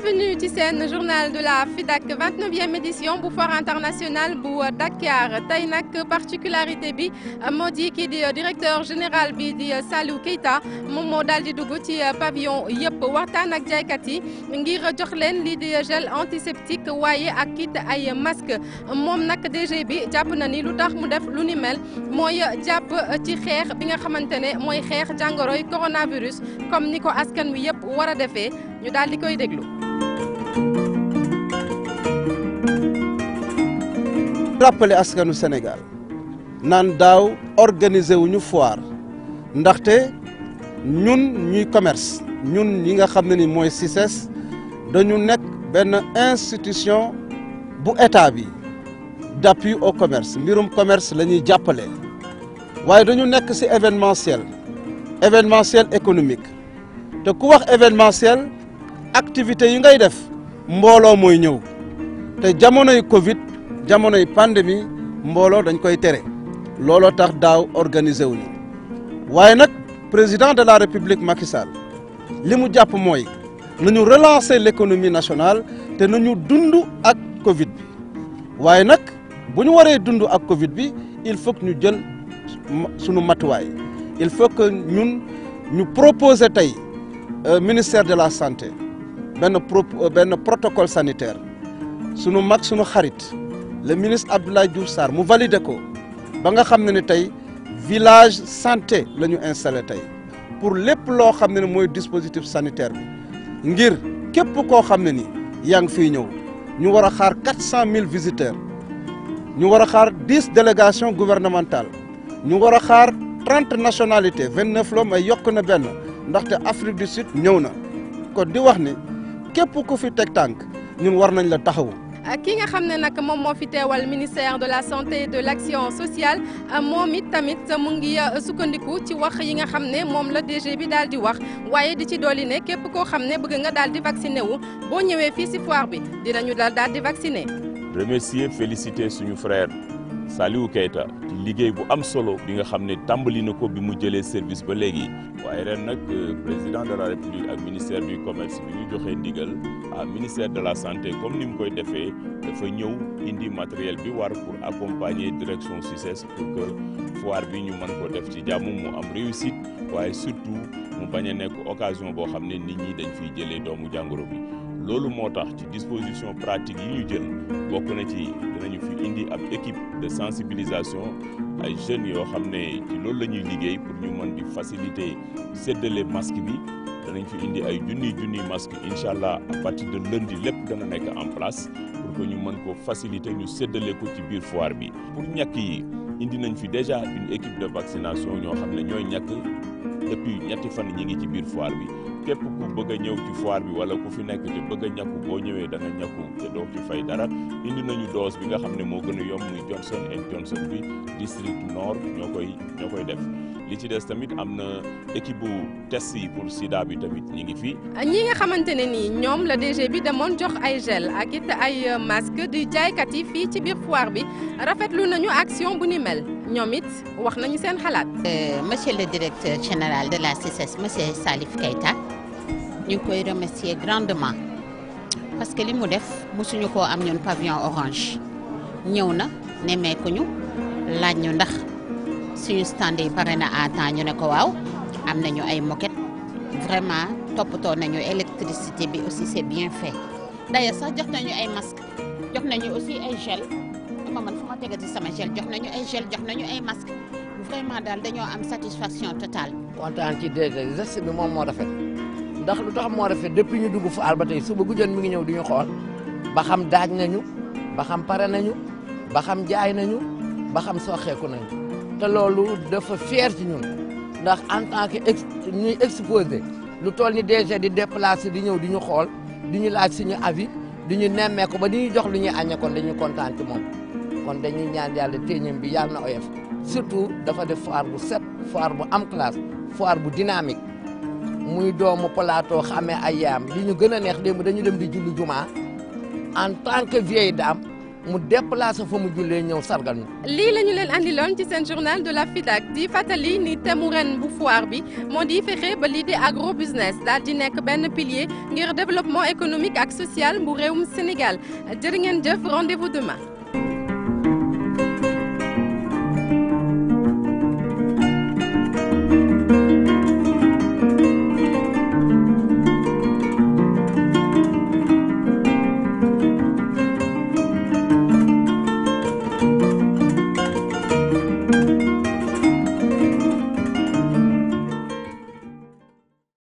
bienvenue ci seen journal de la FIDAK 29e édition bu foire internationale bu Dakar tey nag particularité bi moo di kii di directeur général bi di Salou Keita moom moo daal di dugg ci pavillon yëpp waxtaan ak jaaykat yi ngir jox leen lii di gel antiseptique waaye ak kit ay masque moom nag DG bi jàpp na ni lu tax mu def lu ni mel mooy jàpp ci xeex bi nga xamante ne mooy xeex jàngoroy coronavirus comme ni ko askan wi yëpp war a defee ñu daal di koy déglu rappelé askanu Sénégal naan daaw organiser wuñu foire ndaxte ñun ñuy commerce ñun ñi nga xam ne ni mooy CICES dañu nekk benn institution bu état bi d'appui au commerce mbirum commerce la ñuy jàppale waaye dañu nekk si événementiel événementiel économique te ku wax événementiel activités yi ngay def mbooloo mooy ñëw te jamonoy Covid jamonoy pandémie mbooloo dañ koy tere looloo tax daaw organiser wu waaye nag président de la république Macky li mu jàpp mooy nañu relancer l'économie nationale te nañu dund ak Covid bi waaye nag bu ñu waree dund ak Covid bi il faut ñu jël sunu matuwaay il faut que ñun ñu proposer tey euh, ministère de la santé. benn pro euh, benn protocole sanitaire sunu mag sunu xarit le ministre Abdoulaye Diouf Sarr mu validé ko ba nga xam ne ne tey village santé la ñu installé tey pour lépp loo xam ne ne mooy dispositif sanitaire bi ngir képp koo xam ne ni yaa ngi fiy ñëw ñu war a xaar quatre cent mille visiteurs ñu war a xaar dix délégations gouvernementales ñu war a xaar trente nationalités vingt neuf la may yokk na benn ndaxte Afrique du Sud ñëw na kon di wax ni. képp ku fi teg tànk ñun war nañ la taxawu. Ah, ki nga xam ne nag moom moo fi teewal ministère de la santé et de l' sociale ah, moom it tamit mu ngi ah, sukkandiku ci wax yi nga xam ne moom la DG bi daal di wax waaye di ci dolli ne képp koo xam ne bëgg nga daal di vacciné wu boo ñëwee fii si foire bi dinañu daal daal di vacciné. remercier féliciter suñu frère. Saliou Keita liggéey bu am solo bi nga xam ne tàmbali na ko bi mu jëlee service ba léegi waaye ren nag euh, président de la république ak ministère du commerce bi ñu joxee ndigal à ministère de la santé comme ni mu koy defee dafa ñëw indi matériel bi war pour accompagner direction succès pour que foire bi ñu man ko def ci jàmm mu am réussite waaye surtout mu bañ a nekk occasion boo xam ne nit ñi dañ fiy jëlee doomu jàngoro bi loolu moo tax ci disposition pratique yi ñu jël bokk na ci dinañu fi indi ab équipe de sensibilisation ay jeunes yoo xam ne ci loolu la ñuy liggéey pour ñu mën di faciliter séddale masque bi danañ fi indi ay junniy junniy masque incha allah à partir de lundi lépp dana nekk en place pour que ñu mën ko faciliter ñu séddale ko ci biir foire bi. pour ñàkk yi indi nañ fi déjà une équipe de vaccination ñoo xam ne ñooy ñàkk lépp ñetti fan ñi ngi ci biir foire bi. képp ku bëgg ñëw ci foire bi wala ku fi nekk te bëgg a boo ñëwee da nga ñàkku te doo ci fay dara indi nañu dose bi nga xam ne moo gën a yomb muy Johnson and Johnson bi district nord ñoo koy ñoo def li ci des tamit am na équipe bu test yi pour sida bi tamit ñi fii ñi nga xamante ne nii ñoom la DG bi demoon jox ay gel ak it ay masque di jaaykat yi fii ci biir foire bi rafetlu nañu action bu ni mel ñoom it wax nañu seen xalaat euh, monsieur le directeur général de la CICES monsieur Salif Keita ñu ngi koy remercier grandement parce que li mu def mosuñu koo am ñun pavillon orange ñëw na ne meekuñu laaj ñu ndax suñu stand yi pare na à temps ñu ne ko waaw am nañu ay moquette vraiment toppatoo nañu électricité bi aussi c'est bien fait d'ailleurs sax jox nañu ay masque jox nañu aussi ay gel dama man fu ma tegati sama gel jox nañu ay gel jox nañu ay masque vraiment daal dañoo am satisfaction totale. kontaan ci DG moom moo rafet. ndax lu tax moo rafet depuis ñu dugg faal ba tey suba gu jot mi ngi ñëw duñu xool baxam xam daaj nañu baxam pare nañu baxam xam jaay nañu baxam xam soxeeku nañu te loolu dafa fier ci ñun ndax en tant que ex ñuy exposé lu toll ni DG di déplacé di ñëw di ñu xool di ñu laaj suñu avi di ñu nemmee ko ba di ñu jox lu ñuy aññe kon dañuy kontaan ci moom kon dañuy ñaan yàlla téeñam bi yàlla na oyof surtout dafa def foire bu set foire bu am classe foire bu dynamique muy doomu plateau xamee ay yaam li ñu gën a neex démb dañu dem di julli jumaa en tant que vieille dame mu déplacé fa mu jullee ñëw sargal lii la ñu leen andiloon ci seen journal de la FIDAK di fàttali ni temu ren bu foire bi moo di fexe ba lii di agro business daal di nekk benn pilier ngir développement économique ak social bu réewum Sénégal jërë ngeen jëf rendez-vous demain.